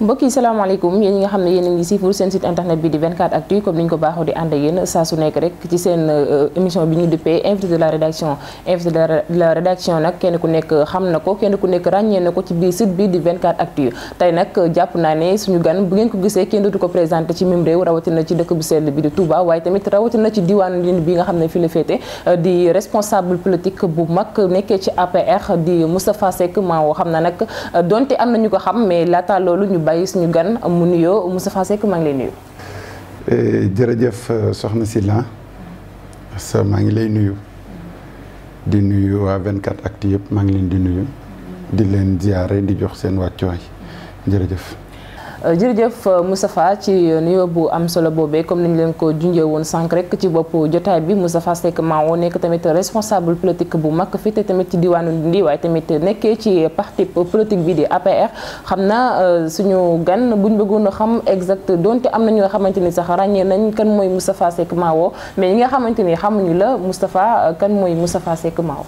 mbokk yi salaamaaleykum yéen ñi nga xam ne yéen a seen site internet bi di 24 actu comme ni ñu ko baaxoo di ànd ak yéen saa su nekk rek ci seen euh, émission bi ñu duppee invité de la rédaction invité de la rédaction nag kenn ku nekk xam na ko kenn ku nekk ràññee na ko ci biir site bi di 24 actu tey nag euh, jàpp naa ne suñu gan bu ngeen ko gisee kenn dootu ko présenté ci même réew rawatina ci dëkk bu sell bi di Touba waaye tamit rawatina ci diwaanu Lindi bi nga xam ne fi la féete euh, di responsable politique bu mag nekkee ci APR di Moustapha Seck maa woo xam na nag donte am nañu ko xam mais laata ñu bàyyi suñu gan mu nuyoo Moustapha Seck maa ngi lay nuyu. Eh, jërëjëf euh, soxna Sylla sa maa ngi lay nuyu di nuyu waa 24 actu yëpp maa ngi leen di nuyu di leen ziare di jox seen wàccuwaay jërëjëf. Euh, jërëjëf euh, Moustapha ci nuyoo bu am solo boobee comme nañ leen ko junjee woon sànq rek ci bopp jotaay bi Moustapha Seck Mao nekk tamit responsable politique bu mag fii te tamit ci diwaanu Ndindi tamit nekkee ci parti politique bi di APR xam naa euh, suñu gan buñ bëggoon xam exact donte am na ñoo xamante ni sax ràññee nañ kan mooy Moustapha Seck Mao mais ñi nga xamante ni xamuñu la Moustapha kan mooy Moustapha Seck Mao.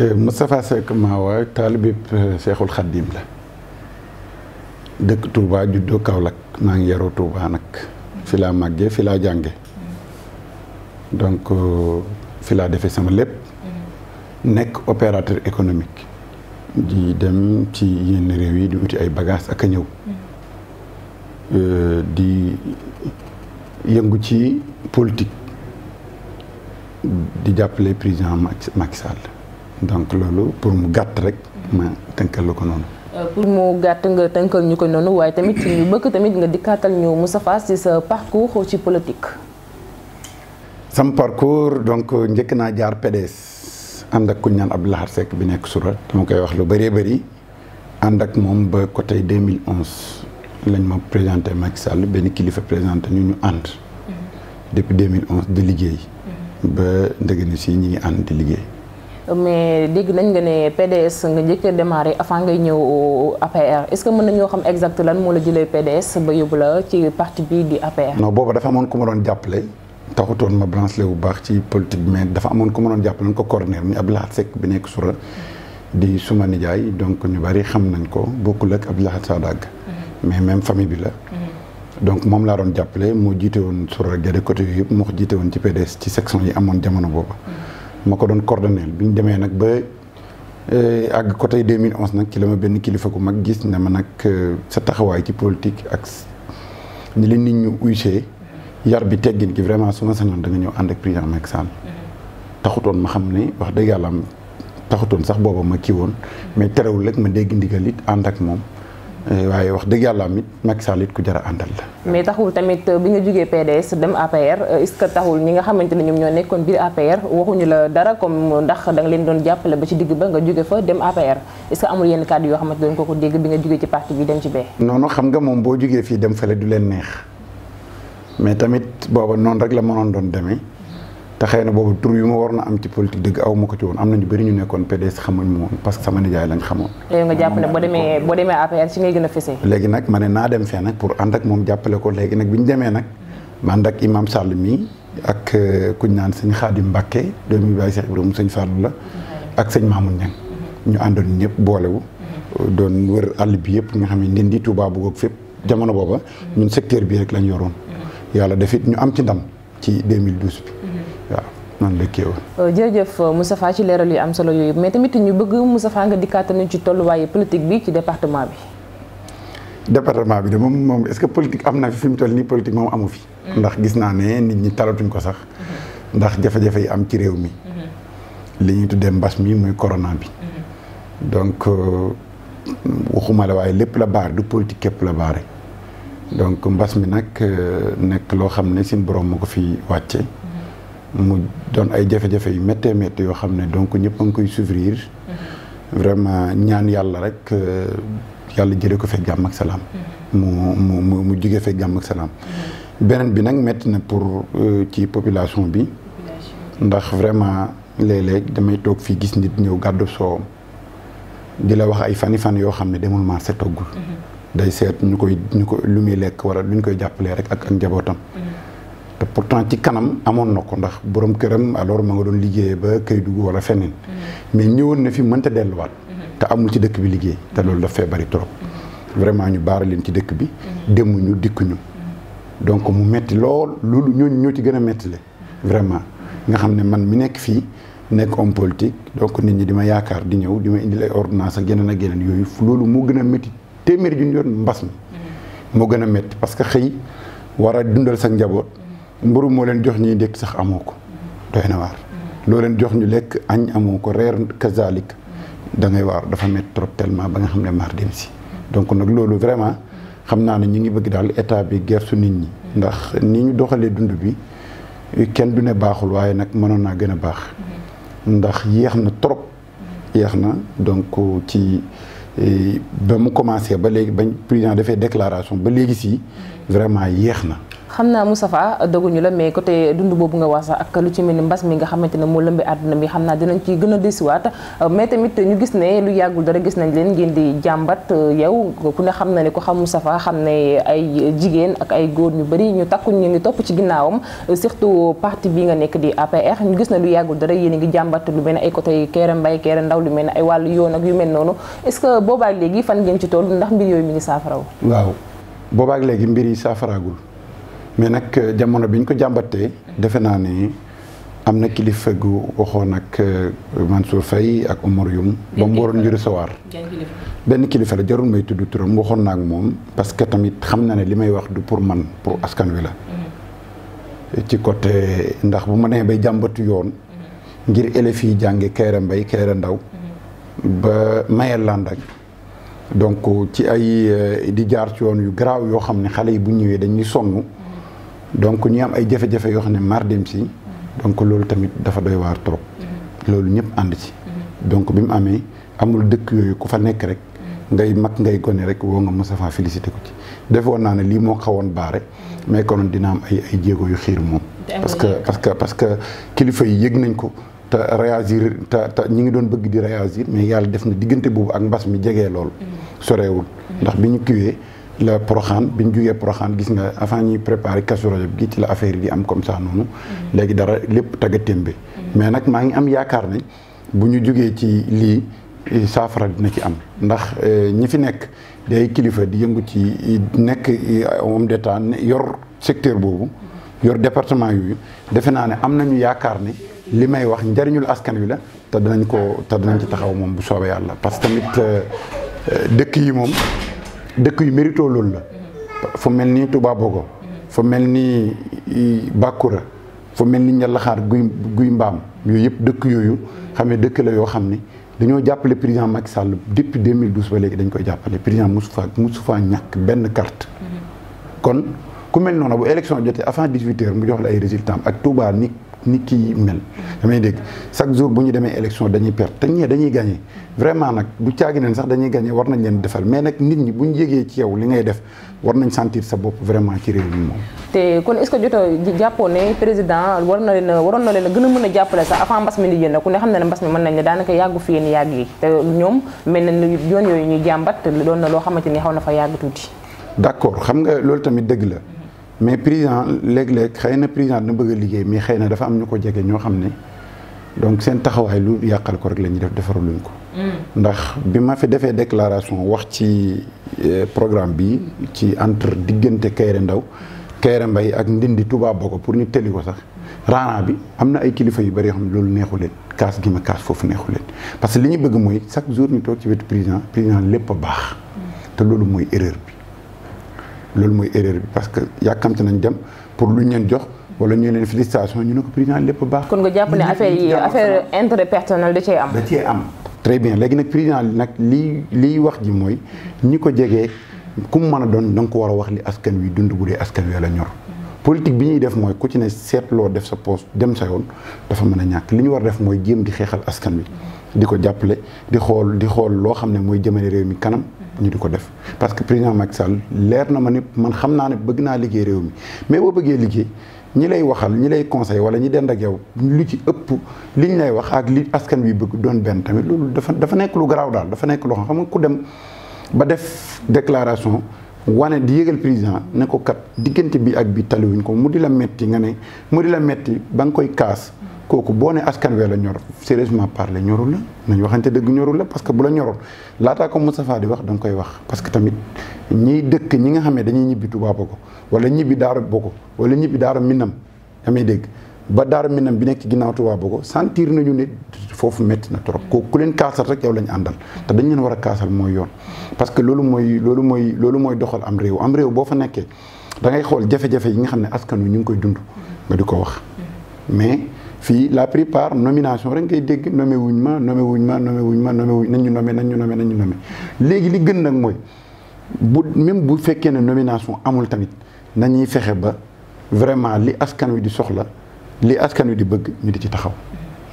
Moustapha la. dëkk Touba juddoo Kaolack maa ngi yaroo Touba nag fi laa màggee fi laa jànge donc euh, fi laa defe sama lépp nekk opérateur économique di dem ci yenn réew yi di uti ay bagages ak a ñëw euh, di yëngu ci politique di jàppale président Macky Sall donc loolu pour mu gàtt rek ma tënkal la ko noonu Euh, pour mu gàtt nga tënkal ñu ko noonu waaye tamit ñu bëgg tamit nga dikkaatal ñu Moustapha ci sa parcours ci politique. sam parcours donc njëkk naa jaar PDS ànd ak kuñ naan ab Lahad Seck bi nekk Soura dama koy wax lu bëree bëri ànd ak moom ba côté 2011 lañ ma présenté Macky Sall benn kilifa présenté ñu ñu ànd. Mm-hmm. depuis 2011 di liggéey. Mm-hmm. ba ndëgg ni si ñi ngi ànd di liggéey. mais dégg nañ nga ne PDS nga njëkk a démarré avant ngay ñëw APR est-ce que mën nañoo xam exact lan moo la jëlee PDS ba yóbbu la ci parti bi di APR. non boobu dafa amoon ku ma doon jàppale taxutoon ma branché bu baax ci politique mais dafa amoon ku ma doon jàppale ko corner muy Abdou Lahad Seck bi nekk sura di nijaay donc ñu bari xam nañ ko bokkul ak Abdou Lahad Sadag mm-hmm. mais même famille bi la. Mm-hmm. donc moom laa doon jàppale moo jiite woon sura gerte côté yooyu yëpp moo ko jiite woon ci PDS ci section yi amoon jamono boobu. Mm-hmm. ma ko doon coordonné bi ñu demee nag ba eh, àgg côté 2011 nag ci la ma benn kilifa ku mag gis ne ma nag eh, sa taxawaay ci politique ak ni li nit ñu uysee yar bi teggin gi vraiment su ma sañoon da nga ñëw ànd ak président Macky Sall taxutoon ma xam ne wax dëgg yàlla am taxutoon sax booba ma kii woon mais terewul rek ma dégg ndigal it ànd ak moom. Eh, waaye wax dëgg yàlla amit Macky Sall it ku jar a àndal la. mais taxul tamit euh, bi nga jógee PDS dem APR euh, est-ce taxul ñi nga xamante ne ñoom ñoo nekkoon biir APR waxuñu la dara comme ndax da leen doon jàppale ba ci digg ba nga jóge fa dem APR est-ce que amul yenn kàddu yoo xamante doon ko ko dégg bi nga jugee ci parti bi dem ci bee. non xam nga moom boo jugee fii dem fële du leen neex mais tamit booba noonu rek la mënoon doon demee. te xëy na boobu tur yu ma waroon a am ci politique dëgg aw ma ko ci woon am na ñu bëri ñu nekkoon PDS xamuñ ma woon parce que sama nijaay lañ xamoon. léegi demee boo ci ngay gën a fësee. léegi nag ma ne naa dem fee nag pour ànd ak moom jàppale ko léegi nag bi ñu demee nag ma ànd ak imam Sall mii ak euh, kuñ naan sëñ Xaadim Mbàkke doomi Baay Seex Ibrahima sëñ Fàllu la ak sëñ Maamun Ñang ñu àndoon ñëpp boolewu doon wër àll bi yëpp nga xam ne Ndindi Tuubaa bëgg ak fépp jamono booba ñun secteur bi rek lañ yoroon yàlla def it ñu am ci ndam ci 2012 bi noonu la kii woon. Euh, jërëjëf euh, Moustapha ci leeral yu am solo yooyu mais tamit ñu bëgg Moustapha nga dikkaat ñu ci tolluwaayu politique bi ci département bi. département bi de moom moom est-ce que politique am na fi fi mu toll nii politique moom amu fi. Mm-hmm. ndax gis naa ne nit ñi talatuñ ko sax. Mm-hmm. ndax jafe-jafe yi am ci réew mi. Mm-hmm. li ñuy tuddee mbas mi muy corona bi. donc euh, waxuma la waaye lépp la baar du politique képp la baare donc mbas mi nag nekk loo xam ne suñu borom moo ko fi wàcce mu doon ay jafe-jafe yu méttee métti yoo xam ne donc ñëpp a koy souffrir. Mm-hmm. vraiment ñaan yàlla rek euh, yàlla jële ko fekk jàmm ak salaam. Mm-hmm. mu mu mu mu fekk jàmm ak salaam. Mm-hmm. beneen bi nag métti na pour euh, ci population bi. ndax vraiment léeg-léeg damay toog fii gis nit ñëw gàddu soowam di la wax ay fani fan yoo xam ne demul marché toggul. day seet ñu koy ñu ko lu muy lekk wala lu koy jàppalee rek ak ak njabootam. te pourtant ci kanam amoon na ko ndax borom këram alors ma nga doon liggéeye ba Kédougou wala feneen. Mm-hmm. mais ñëwoon na fi mënta delluwaat. Mm-hmm. te amul ci dëkk bi liggéey te loolu daf fee bari trop. Mm-hmm. vraiment ñu baara leen ci dëkk bi. demuñu dikkuñu. donc mu metti lool loolu ñooñu ñoo ci gën a metti le vraiment nga xam ne man mi nekk fii nekk homme politique donc nit ñi di ma yaakaar di ñëw di ma indil ay ordonnance ak yeneen ak yeneen yooyu loolu moo gën a métti téeméeri ju ñu yoon moo gën a métti parce que xëy war a dundal sa njaboot. mburu moo leen jox ñuy ndékk sax amoo ko doy na waar loo leen jox ñu lekk añ amoo ko reer kazalik da ngay dafa métti trop tellement ba nga xam ne maar dem si donc nag loolu vraiment xam naa ne ñu ngi bëgg daal état bi gersu nit ñi ndax ni ñu doxalee dund bi kenn du ne baaxul waaye nag mënoon naa gën a baax ndax yéex na trop yéex na donc ci e, ba mu commencé ba léegi bañ président defee déclaration ba léegi si vraiment yéex na xam naa Moustapha doguñu la mais côté dund boobu nga wax sax ak lu ci mel ni mbas mi nga xamante ne moo lëmbee àdduna bi xam naa dinañ ci gën a desiwaat mais tamit ñu gis ne lu yàggul dara gis nañ leen ngeen di jàmbat yow ku ne xam na ne ko xam Moustapha xam ne ay jigéen ak ay góor ñu bari ñu takkuñ ñu ngi topp ci ginnaawam surtout parti bii nga nekk di APR ñu gis ne lu yàggul dara yéen a ngi jàmbat lu mel ne ay côté Kéré Mbaye Kéré Ndaw lu mel ni ay wàllu yoon ak yu mel noonu est-ce que boobaak léegi fan ngeen ci toll ndax yooyu mi ngi saafaraw waaw boobaak léegi mbir yi mais nag euh, jamono bi ñu ko jàmbatee defe naa ni am na kilifa gu waxoon ak euh, Mansour Faye ak Omar Youm ba mu waroon ñu benn kilifa la jarul may tudd turam waxoon naa ak moom parce que tamit xam na ne li may wax du pour man pour askan wi la mhm. ci côté ndax bu ma nee bay jàmbatu yoon mhm. ngir élèves yi jànge Kayra Mbaye Kayra Ndaw mhm. ba Mayel Land donc ci ay euh, di jaar ci yoon yu garaaw yoo xam ne xale yi bu ñëwee dañuy sonn donc ñu am ay jafe-jafe yoo xam ne maar dem si donc loolu tamit dafa doy waar trop loolu ñëpp ànd ci donc bi mu amee amul dëkk yooyu ku fa nekk rek ngay mag ngay gone rek woo nga Moustapha félicité ko ci defoon naa ne lii moo xawoon baare mais konoon dina am ay ay jéego yu xiir moom parce que parce que parce que kilifa yi yëg nañ ko te réagir te te ñi ngi doon bëgg di réagir mais yàlla def na diggante boobu ak mbas mi jegee loolu mm-hmm. sorewul ndax bi ñu kiwee la Porokhane bi ñu jugee Porokhane gis nga avant ñi préparer Kazu Rajab gi ci la affaire yi di am comme ça noonu. Mhm. léegi dara lépp tagga témbe mhm. mais nag maa ngi am yaakaar ne bu ñu jógee ci lii. saafara dina ci am ndax euh, ñi fi nekk day kilifa di yëngu ci nekk moom euh, d'état yor secteur boobu mhm. yor département yooyu defe naa ne am nañu yaakaar ne li may wax njariñul askan wi la te dinañ ko te dinañ ci taxaw moom bu soobee yàlla parce que tamit euh, dëkk yi moom dëkk yu mérito loolu la fu mel ni Touba Bogo fu mel ni Bakura fu mel ni Njalaxaar guy guy mbaam yooyu yëpp dëkk yooyu xam ne dëkk la yoo xam ni dañoo jàppale président Macky Sall depuis 2012 ba léegi dañ koy jàppale président musu faa mosu faa ñàkk benn carte mhm. kon ku mel noonu bu élection jotee avant 18 mu jox la ay résultats ak Touba ni nit ki mel. damay dégg chaque jour bu ñu demee élection dañuy perte te ñee dañuy gagné vraiment nag bu caagi neen sax dañuy gagné war nañ leen defal mais nag nit ñi bu ñu jegee ci yow li ngay def war nañ sentir sa bopp vraiment ci réew mi moom. te kon est-ce que jot jàppoo ne président war na leen waroon na leen gën a mën a jàppale sax avant mbas mi di jënd ku ne xam na ne mbas mi mën nañ ne daanaka yàggu fi yéen yàgg yi te ñoom mel na ni yoon yooyu ñuy jàmbat doon na loo xamante ni xaw na fa yàgg tuuti. xam nga loolu tamit dëgg la mais président léeg-léeg xëy na président dina bëgg a liggéey mais xëy na dafa am ñu ko jege ñoo xam ne donc seen taxawaay lu yàqal ko rek la ñuy def defaraluñ ko. Mm. ndax bi ma fi defee déclaration wax ci eh, programme bi ci entre diggante Kayre Ndaw Kayre Mbay ak Ndindi Touba Boko pour ñu teli ko sax. raana bi am na ay kilifa yu bëri yoo xam loolu neexu leen kaas gi ma kaas foofu neexu leen parce que li ñu bëgg mooy chaque jour ñu toog ci wetu président président lépp a baax mm. te loolu mooy erreur bi. loolu mooy erreur bi parce que yàkkamte nañ dem pour luñ leen jox wala ñu leen félicitation ñu ne ko président lépp baax. kon nga jàpp ne affaire yi affaire intérêt da cee am. da cee am très bien léegi nag président nag lii lii wax ji mooy ñi ko jegee ku mu mën a doon da ko war a wax li askan wi dund bu dee askan wi la ñor. politique bi ñuy def mooy ku ci ne seetloo def sa poste dem sa yoon dafa mën a ñàkk li ñu war a def mooy jéem di xeexal askan wi. di ko jàppale di xool di xool loo xam ne mooy jëmale réew mi kanam. ñu di ko def parce que président Macky Sall leer na ma nit man xam naa ne bëgg naa liggéey réew mi mais boo bëggee liggéey ñi lay waxal ñi lay conseil wala ñi dend ak yow lu ci ëpp li ñu lay wax ak li askan wi bëgg doon benn tamit lu dafa dafa nekk lu garaaw daal dafa nekk loo xam nga ku dem ba def déclaration. wane di yëgal président ne ko kat diggante bi ak bi taliwuñ ko mu di la metti nga ne mu di la metti ba nga koy kaas kooku boo ne askan wee la ñor sérieusement parler ñorul la nañ waxante dëgg ñorul la parce que bu la ñoroon laataa ko Moustapha di wax da nga koy wax parce que tamit ñiy dëkk ñi nga xam ne dañuy ñibbi Touba Bogo wala ñibbi Daara Bogo wala ñibbi Daara Minam amee dégg ba Daara Minam bi nekk ci ginnaaw Touba Bogo sentir nañu ne foofu métti na trop kooku ku leen kaasal rek yow lañ àndal te dañ leen war a kaasal mooy yoon parce que loolu mooy loolu mooy loolu mooy doxal am réew am réew boo fa nekkee da xool jafe yi nga xam ne askan wi ñu ngi koy dund nga di ko wax mais fii la plupart nomination rek ngay dégg nommé wuñ ma nommé wuñ ma nommé wuñ ma nommé wuñ nañ ñu nommé nañ ñu nommé nañ léegi li gën nag mooy bu même bu fekkee ne nomination amul tamit nañuy fexe ba vraiment li askan wi di soxla li askan wi di bëgg ñu di ci taxaw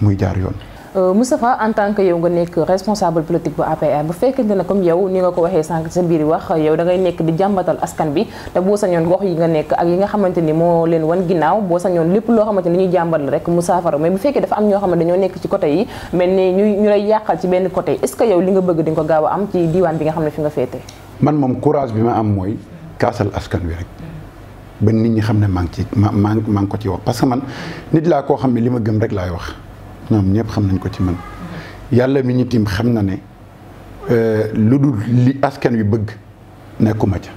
muy jaar yoon Euh, Moustapha en tant que yow nga nekk responsable politique bu APR bu fekkente ne comme yow ni nga ko waxee sànq sa biir wax yow da nekk di jàmbatal askan bi te boo sañoon gox yi nga nekk ak yi nga xamante ni moo leen wan ginnaaw boo sañoon lépp loo xamante ni ñuy jàmbatal rek mu saafara mais bu fekkee dafa am ñoo xam ne dañoo nekk ci côté yi mel ni ñu ñu lay yàqal ci benn côté est-ce que li nga bëgg di nga ko gaaw a am ci diiwaan bi nga xam ne fi nga am mooy kaasal askan wi rek ba ne maa ngi ci maa maa ngi ko ci wax parce que man nit laa koo xam ne li ma gëm laay wax ñoom ñëpp xam nañ ko ci man yàlla mi ñu tiim xam na ne euh, lu dul li askan wi bëgg nekkuma ca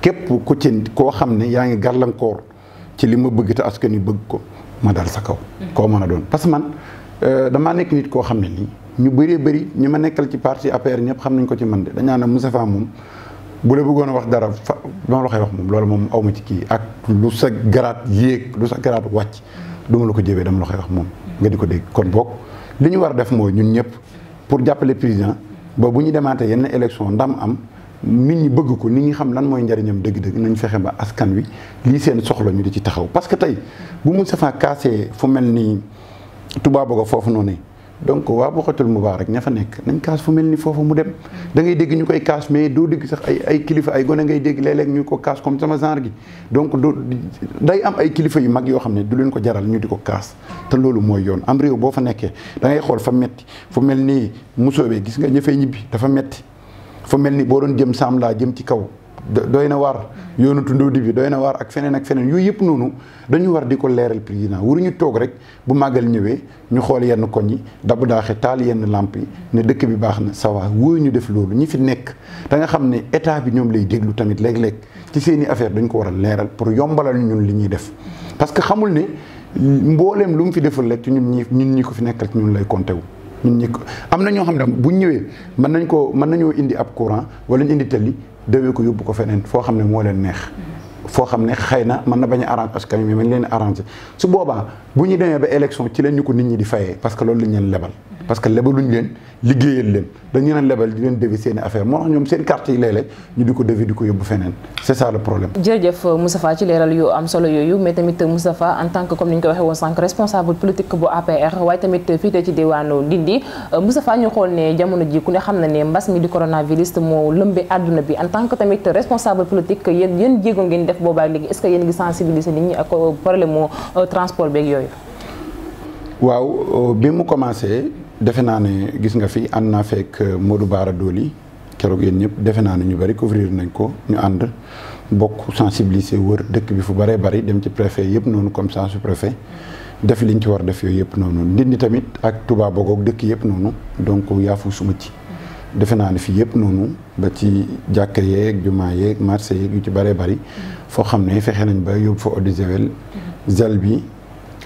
képp ku ci koo xam ne yaa ngi gàllankoor ci li ma bëgg te askan wi bëgg ko ma dal sa kaw. Mm-hmm. koo mën a doon parce que man euh, damaa nekk nit koo xam ne nii ñu bëree bëri ñu ma nekkal ci parti APR ñëpp xam nañ ko ci man de dañaa mu Moustapha moom bu la bëggoon a wax dara fa ma la koy wax moom loolu moom aw ma ci kii ak lu sa garaat yéeg lu sa garaat wàcc. duma la ko jëwee dama la koy wax moom nga di ko dégg kon boog li ñu war a def mooy ñun ñëpp pour jàppale président ba bu ñu demaatee yenn élection ndam am nit ñi bëgg ko ni ñi xam lan mooy njariñam dëgg-dëgg nañ fexe ba askan wi lii seen soxla ñu di ci taxaw parce que tey bu mu safaa kaasee fu mel ni tubaab ko foofu noonu donc waa Boukhatoul Moubarak ña fa nekk nañ kaas fu mel ni foofu mu dem da ngay dégg ñu koy kaas mais doo dégg sax ay ay kilifa ay gone ngay dégg léeg ñu ko kaas comme sama genre gi donc doo day am ay kilifa yu mag yoo xam ne du leen ko jaral ñu di ko kaas te loolu mooy yoon am réew boo fa nekkee da ngay xool fa metti fu mel ni musóobee gis nga ña fay ñibbi dafa metti fu mel ni boo doon jëm saam laa jëm ci kaw doy na waar yoonu tundóodi bi dooy na waar ak feneen ak feneen yooyu yëpp noonu dañu war di ko leeral président waruñu toog rek bu màggal ñëwee ñu xool yenn koñ yi dabu daaxe taal yenn làmp yi ne dëkk bi baax na sawa wóoyu ñu def loolu ñu fi nekk da nga xam ne état bi ñoom lay déglu tamit léeg-léeg ci seeni affaire dañ ko war a leeral pour yombalal ñun li ñuy def parce que xamul ne mbooleem lu mu fi deful lekk ci ñun ñii ñun ñi ko fi nekk rek ñun lay compté wu ñun ñi ko am na ñoo xam ne bu ñëwee mën nañ ko mën nañoo indi ab courant wala ñu indi tali dawee ko yóbbu ko feneen foo xam ne moo leen neex foo xam ne xëy na mën na bañ a arrange askan mi mën leen arrangé su boobaa bu ñu demee ba élection ci leen ñu ko nit ñi di fayee parce que loolu lañ leen lebal parce que lebaluñ leen liggéeyal leen dañu leen lebal di leen devi seen i affaire moo tax ñoom seen carte yi léeg-léeg di ko devi di ko yóbbu feneen c'est ça le problème jërëjëf Moustapha ci leeral yu am solo yooyu mais tamit Moustapha en tant que comme ni ñu ko waxee woon sànq responsable politique bu APR waaye tamit fii tey ci diwaanu Ndindi Moustapha ñu xool ne jamono ji ku ne xam na ne mbas mi di coronavirus moo lëmbee àdduna bi en tant que tamit responsable defe naa ne gis nga fi ànd naa fekk euh, Modou Bara Dolly keroog yéen ñëpp defe naa ne ñu bëri couvrir nañ ko ñu ànd bokk sensibiliser wër dëkk bi fu bëree bari dem ci préfet yëpp noonu comme ça préfé préfet def liñ ci war def yooyu yëpp noonu Ndindi tamit ak Touba Bogoog dëkk yëpp noonu donc yaafu suma ci defe naa ne fii yëpp noonu ba ci jàkka yeeg jumaa yeeg marché yeeg yu ci bëree bari foo xam ne fexe nañ ba yóbbu fa eau de javel mm-hmm. bi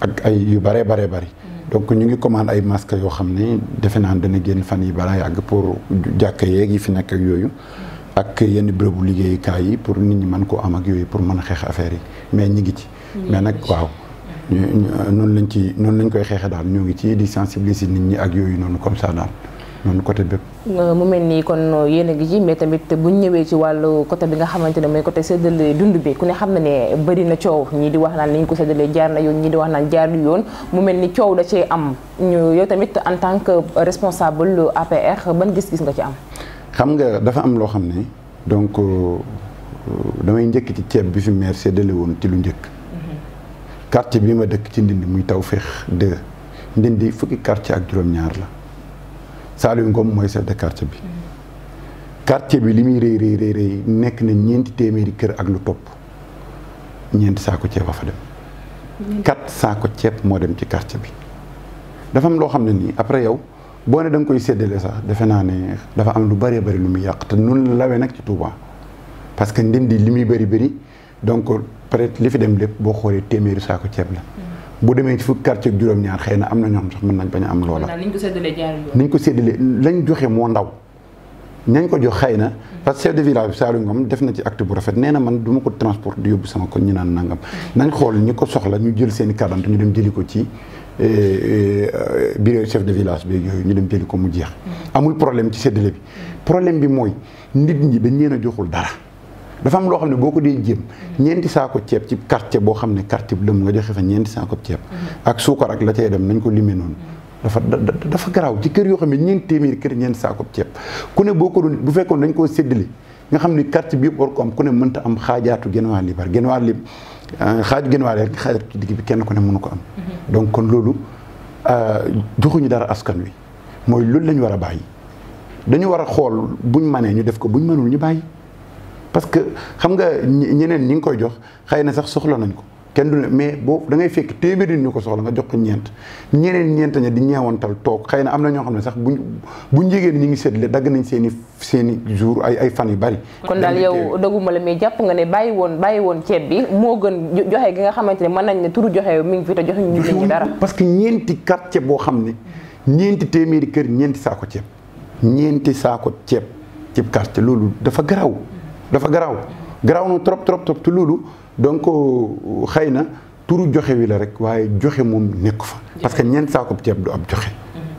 ak ay yu bëree bëree bëri donc ñu ngi commander ay masques yoo xam ni defe naa dana génn fan yi balaa yàgg pour jàkka yee yi fi nekk ak yooyu ak yenn bërëbu liggéeyukaay yi pour nit ñi mën koo am ak yooyu pour mën a xeex affaire yi mais ñi ngi ci mais nag waaw noonu lañ ci noonu lañ koy xeexee daal ñoo ngi ci di si nit ñi ak yooyu noonu comme ça daal noonu côté bépp. Euh, mu mel nii kon euh, yéen a ngi ji mais tamit bu ñu ñëwee ci wàllu côté bi nga xamante ne mooy côté séddale dund bi ku ne xam na ne bëri na coow ñii di wax naan nañu ko séddalee jaar na yoon ñii di wax naan jaar du yoon mu mel ni coow la cee am ñu yow tamit en tant que responsable APR ban gis-gis nga ci am. xam nga dafa am loo xam ne donc euh, damay njëkk ci ceeb bi fi maire séddale woon ci lu njëkk. Mhm. quartier bi ma dëkk ci Ndindi muy Tawféex 2 Ndindi fukki quartier ak juróom la. Saliou Ngom mooy chef de quartier bi quartier bi li muy rëy rëy rëy nekk na ñeenti téeméeri kër ak lu topp ñeenti saako ceeb a fa dem. quatre saako ceeb moo dem ci quartier bi. dafa am loo xam ne nii après yow boo ne da koy séddale sax defe naa ne dafa am lu bëree bëri lu muy yàq te noonu la lawee nag ci Touba parce que ndindi li muy bëri bëri donc peut-être li fi dem lépp boo xoolee téeméeri saako ceeb la. bu demee ci fukki quartier ak juróom-ñaar xëy na am na ñoom sax mën nañ bañ am loola. nañ ko séddalee lañ joxe moo ndaw. nañ ko jox xëy na parce que chef de village bi Saliou Ngom def na ci acte bu rafet nee na man du ma ko transport sama ko ñu naan nangam. nañ xool ñi ko soxla ñu jël seen i carte ñu dem jëli ko ci eh, eh, bureau chef de village bi yooyu ñu dem jëli ko mu jeex. Mm-hmm. amul problème ci séddale bi. problème bi mooy nit ñi dañ leen a joxul dara. dafa am loo xam ne boo ko dee jéem ñeenti saako ceeb ci quartier boo xam ne quartier bu lëm nga joxe fa ñeenti saako ceeb ak suukar ak dem nañ ko limee noonu dafa dafa garaaw ci kër yoo xam ne ñeenti téeméeri kër ñeenti saako ceeb ku ne boo ko doon bu fekkoon dañ koo séddale nga xam ne quartier bi yëpp war ko am ku ne mënta am xaajaatu genwaar li bar genwaar li euh, xaaju genwaar rek xaajat ci digg bi kenn ku ne mënu ko am mhm. donc kon loolu euh, joxuñu dara askan wi mooy loolu lañ war a bàyyi dañu war a xool ñu manee ñu def ko bu ñu mënul ñu bàyyi parce que xam nga ñeneen ñi ngi koy jox xëy na sax soxla nañ ko kenn du ne mais boo dangay fekk fekk téeméeri ñu ko soxla nga jox ko ñeent ñeneen ñeent ña di ñeewantal toog xëy na am na ñoo xam ne sax bu buñ jegee ñi ngi seetle dagg nañ seen seeni seen jour ay ay fan yu bari. kon daal yow dagguma la mais jàpp nga ne bàyyi woon bàyyi woon ceeb bi moo gën joxe gi nga xamante ne mën nañ ne turu joxe mi ngi fi te joxe ñu ñu dara. parce que ñeenti quartier boo xam ne ñeenti téeméeri kër ñeenti saako ceeb ñeenti saako ceeb ceeb quartier loolu dafa garaaw dafa garaaw garaaw na trop trop trop te loolu donc euh, xëy na turu joxe wi la rek waaye joxe moom nekk fa parce que ñeent saako ceeb du ab joxe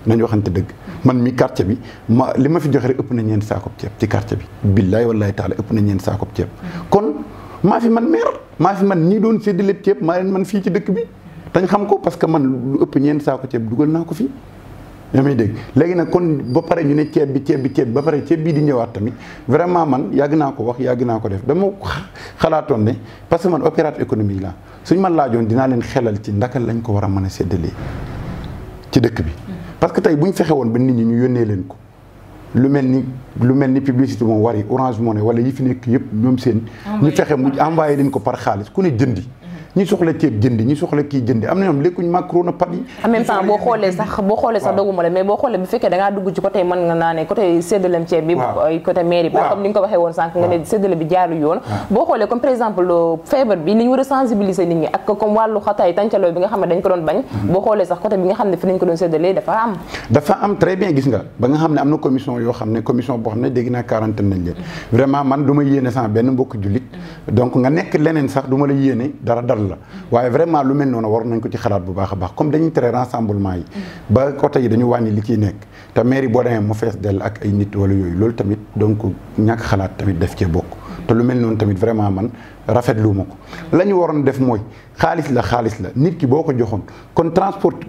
nañu waxante dëgg man mi quartier bi ma li ma fi joxe rek ëpp na ñeent saako ceeb ci quartier bi billaay wallaay taala ëpp na ñeent saako ceeb kon maa fi man meer maa fi man ñii doon séddale ceeb maa leen man fii ci dëkk bi dañ xam ko parce que man lu ëpp ñeent saako ceeb dugal naa ko fii yaa may dégg léegi nag kon ba pare ñu ne ceeb bi ceeb bi ba pare ceeb bii di ñëwaat tamit vraiment man yàgg naa ko wax yàgg naa ko def dama xalaatoon ne parce que man opérateur économique laa suñ man laajoon dinaa leen xelal ci ndaka lañ ko war a mën a séddalee ci dëkk bi. parce que tey bu ñu fexewoon woon ba nit ñi ñu yónnee leen ko lu mel ni lu mel ni publicité moom wari Orange Money wala yi fi nekk yëpp ñoom seen. ñu fexe mu envoyé leen ko par xaalis ku ne jëndi. ñi soxla ceeb jëndi ñi soxla kii jëndi am na ñoom lekkuñ macaroni a pat yi en ah, même temps boo xoolee sax boo xoolee sax doguma la mais boo xoolee bu fekkee da dugg ci côté mën nga naa euh, a sensibiliser nit nga xam ne dañ doon bañ mhm. boo xoolee sax côté bi nga xam ne fi nañ ko doon séddalee dafa am dafa am très bien gis nga ba nga xam ne am na commission yoo xam ne commission boo xam ne dégg naa quarantaine nañ leen vraiment man du yéene sama benn mbokk jullit mhm. donc nga nekk leneen sax du la yéene dara lan la waaye vraiment lu mel noonu war nañ ko ci xalaat bu baax a baax comme dañuy tere rassemblement yi ba côté yi dañu wàññi li ciy nekk te mairie boo demee mu fees dell ak ay nit wala man rafetlu ma ko la ñu waroon def mooy xaalis la xaalis la nit ki boo ko joxoon kon transport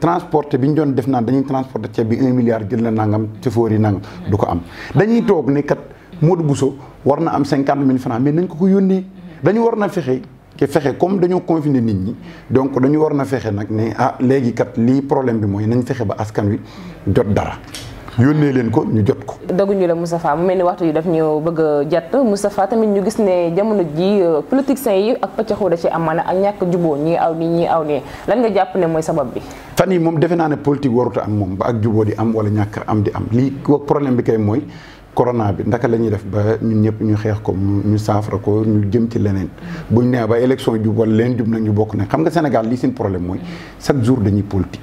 transporté bi ñu doon def naan dañuy transporté ceeb bi un milliard jël la nangam chauffeur yi nangam du ko am dañuy toog ne kat Modou Bousso war na am cinquante mille francs mais nañ ko ko yónnee dañu war na fexe ci fexe comme dañoo confiner nit ñi donc dañu war na fexe nag ni ah léegi kat lii problème bi mooy nañ fexe ba askan wi jot dara yónnee leen ko ñu jot ko. doguñu la Moustapha mu mel ni waxtu yi daf ñu bëgg a jàtt Moustapha tamit ñu gis ne jamono ji euh, politiciens yi ak pëccëxu a ci am maanaam ak ñàkk juboo ñii aw nii ñii aw nii lan nga jàpp ne mooy sabab bi. fan yi moom defe naa ne politique waruta am moom ba ak juboo di am wala ñàkk am di am lii problème bi kay mooy. corona bi ndaka la def ba ñun ñëpp ñu xeex ko ñu saafara ko ñu jëm ci leneen bu ñu nee ba élection jub wala leen jub nag ñu bokk nag xam nga senegal lii seen problème mooy chaque jour dañuy politique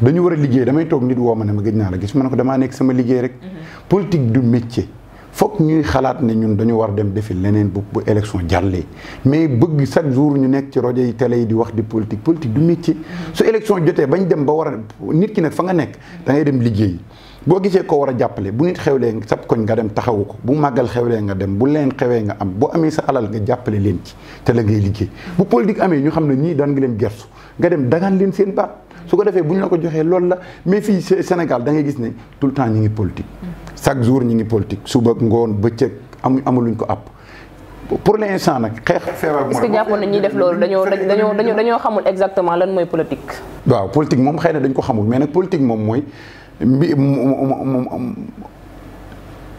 dañu war a liggéey damay toog nit woo ma ne ma gëj naa la gis ma ne ko damaa nekk sama liggéey rek mhm. politique du métier foog ñuy xalaat ne ñun dañu war dem defi leneen bu bu élection jàllee mais bëgg chaque jour ñu nekk ci rajo yi télé yi di wax di politique politique du métier mhm. su élection jotee bañ dem ba war a nit ki nag fa nga nekk da ngay dem liggéey boo gisee ko war a jàppale bu nit xewlee sa koñ nga dem taxawu ko bu màggal xewlee nga dem bu leen xewee nga am boo amee sa alal nga jàppale leen ci te la ngay liggéey bu politique amee ñu xam ne ñii daan nga leen gersu nga dem dagaan leen seen baat su ko defee bu ñu la ko joxee loolu la mais fii Sénégal da ngay gis ne tout le temps ñi ngi politique chaque jour ñi ngi politique suba ngoon bëccëg amu amuluñ ko àpp pour l'instant nag xeex feebar est def loolu dañoo dañoo dañoo exactement lan mooy politique waaw politique moom na dañ ko xamul mais nag moom mooy mbi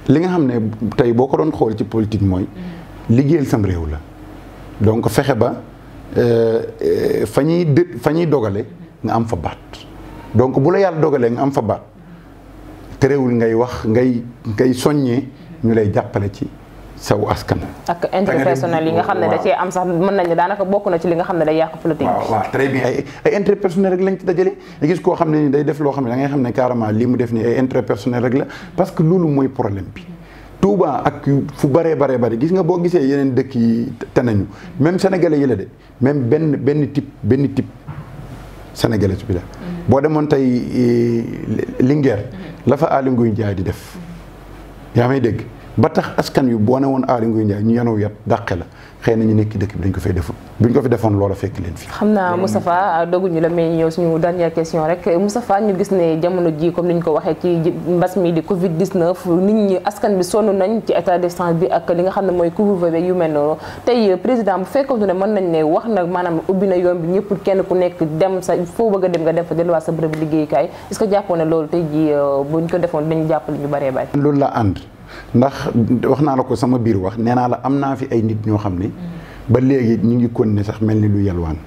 li nga xam ne tey boo ko doon xool ci politique mooy mm. liggéeyal sam réew la donc fexe ba euh, euh, fa ñuy dë fa ñuy dogale nga am fa baat donc bu la yàlla dogalee nga am fa baat terewul ngay wax ngay ngay soññee ñu lay jàppale ci saw askan. ak interpersonnel yi nga xam ne da cee am sax mën nañu daanaka bokk na ci li nga xam ne day yàq politique. ay interpersonnel rek lañ ci dajale. nga gis koo xam ne ni day def loo xam ne da ngay xam ne carrément lii mu def nii ay interpersonnel rek la parce que loolu mooy problème bi. Touba ak fu baree baree bari gis nga boo gisee yeneen dëkk yi te nañu même sénégalais yi la de même benn benn type benn type sénégalais bi la. boo demoon tey eh, Linguère la fa Aly Ngouille Ndiaye di def yaa may ba tax askan yu boo ne woon Aly Ngouille Ndiaye ñu yenoo yat dàqe la xëy na ñu nekk dëkk bi dañ ko fay defoon buñ ko fi defoon loola fekk leen fi. mais ñëw suñu dernière question rek Moustapha ñu gis ne jamono ji comme ni ñu ko waxee ci mbas mi di Covid 19 nit ñi askan bi sonn nañ ci état d'urgence bi ak li nga xam ne mooy couvre-feu bi yu mel noonu tey président bu fekkoon ne mën nañ ne wax na maanaam ubbi na yoon bi ñëpp kenn ku nekk dem sa foo bëgg a nga dem fa delluwaat sa bërëb liggéeyukaay est-ce que jàppoon loolu tey ji euh, buñ ko defoon dañ jàppale ñu baree bari. loolu la ànd ndax wax naa la ko sama biir wax nee naa la am naa fi ay nit ñoo xam ne ba léegi ñu ngi kon ne sax mel ni du yalwaan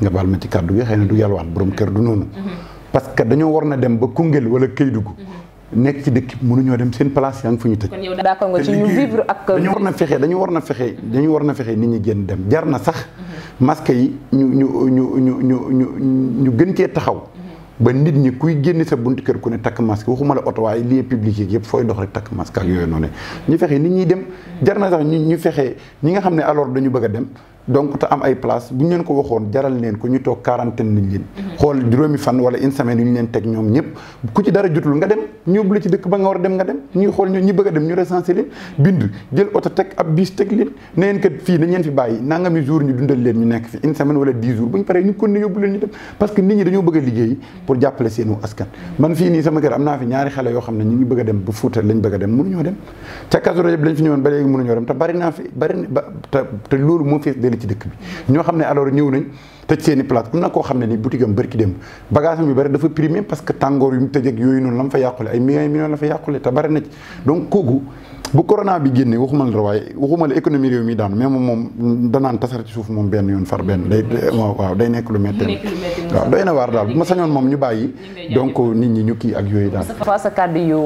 nga baal ma ci kàddu gi xëy na du yalwaan borom kër du noonu mm-hmm. parce que dañoo war na dem ba Koungheul wala Kédougou mm-hmm. nekk ci dëkk mënuñoo dem seen place yaa ngi fu ñu tëj. d'accord nga ci dañu war na fexe dañu war na fexe dañu war na fexe nit ñi gën dem jar na sax mm-hmm. masque yi ñu ñu ñu ñu ñu ñu ñu ñu gën cee taxaw. ba nit ñi kuy génne sa buntu kër ku ne takk masque waxuma la oto waaye lieu public yi yëpp fooy dox rek takk masque yooyu noonu ñu fexe nit ñi dem jar na sax ñu ñu fexe ñi nga xam ne alors dañu bëgg dem donc te am ay place bu ñu leen ko waxoon jaral leen ko ñu toog quarantaine nañ leen xool juróomi teg ñoom ñëpp ku ci dara jotul nga dem ñu yóbbu la ci dëkk ba nga war dem nga dem ñuy xool ñoo ñi ñu ne fi bàyyi nangami jour ñu dundal leen ñu nekk fi ne sama kër am naa fi ñaari xale yoo xam ne ñu ngi bëgg dem ba Fuuta lañ bëgg dem mënuñoo dem ca Kazu Rajab lañ fi ñëwoon ba léegi mënuñoo dem te bari fi bari te loolu moo fi na ci dëkk bi ñoo xam ne alors ñëw nañ tëj seen i am na koo xam ne ni boutique am bërki yu bëri dafa primé parce que tàngoor yu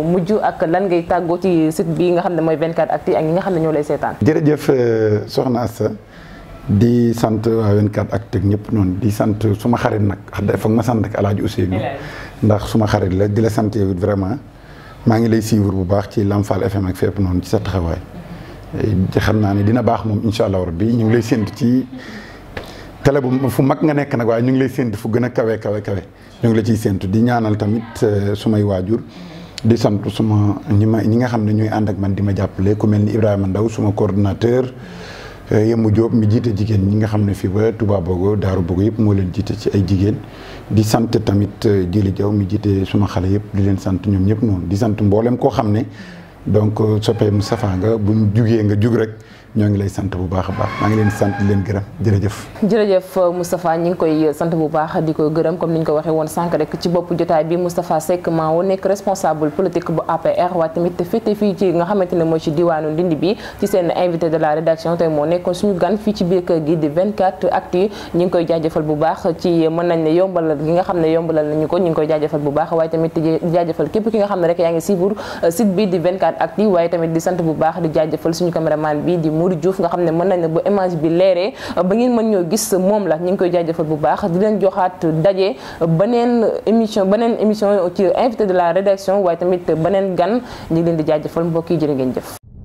mujj ak lan ngay tàggoo ci bi nga xam ne mooy 24actu ak ñi nga xam ne ñoo lay seetaan jërëjëf euh, soxna Assa di sant waa 24 ak teg ñëpp noonu di sant suma xarit nag wax ah, foog ma sant ak El Hadj Ousseynou ndax suma xarit la di la sant yow it vraiment maa ngi lay suivre bu baax ci lampal FM ak fépp noonu ci sa taxawaay. Eh, xam naa ni dina baax moom incha allah rabbi ñu ngi lay séntu ci télé bu fu mag nga nekk nag waaye ñu ngi lay séntu fu gën a kawe kawe kawe ñu ngi la ciy séntu di ñaanal tamit eh, sumay waajur. di sant suma ñi ma ñi nga xam ne ñooy ànd ak man di ma jàppale ku ni Ibrahima Ndaw suma coordonnateur. Yemou Diop mi jiite jigéen ñi nga xam ne fii ba Touba Bogo Daaru Bogo yëpp moo leen jiite ci ay jigéen di sant tamit euh, Jili Jaw mi jiite suma xale yëpp di leen sant ñoom ñëpp noonu di sant mboolem koo xam ne donc euh, soppee Moustapha nga bu buñ jugee nga jug rek ñoo ngi lay sant bu baax a baax maa ngi leen sant leen gërëm jërëjëf jërëjëf euh, ñi ngi koy euh, sant bu baax di ko gërëm comme ni ñu ko waxee woon sànq rek ci bopp jotaay bi Moustapha Seck Mao nekk responsable politique bu APR waaye tamit féete fii ci nga xamante ne mooy ci diwaanu Ndindi bi ci seen invité de la rédaction tey moo nekkoon suñu gan fii ci biir kër gi di 24 actu koy jaajëfal bu baax ci euh, mën nañ ne yombalal ñi nga xam ne yombalal nañu ko ñi ngi koy jaajëfal bu baax waaye tamit jaajëfal képp ki nga xam ne rek yaa ngi suivre site bi di 24 actu waaye tamit di sant bu baax di jaajëfal suñu caméraman bi di di Diouf nga xam ne mën nañ ne bu émage bi leeree ba ngeen mën ñoo gis moom la ñu ngi koy jaajëfal bu baax di leen joxaat daje beneen émission beneen émission ci invité de la rédaction waaye tamit beneen gan ñu leen di jaajëfal mbokk yi jërë ngeen jëf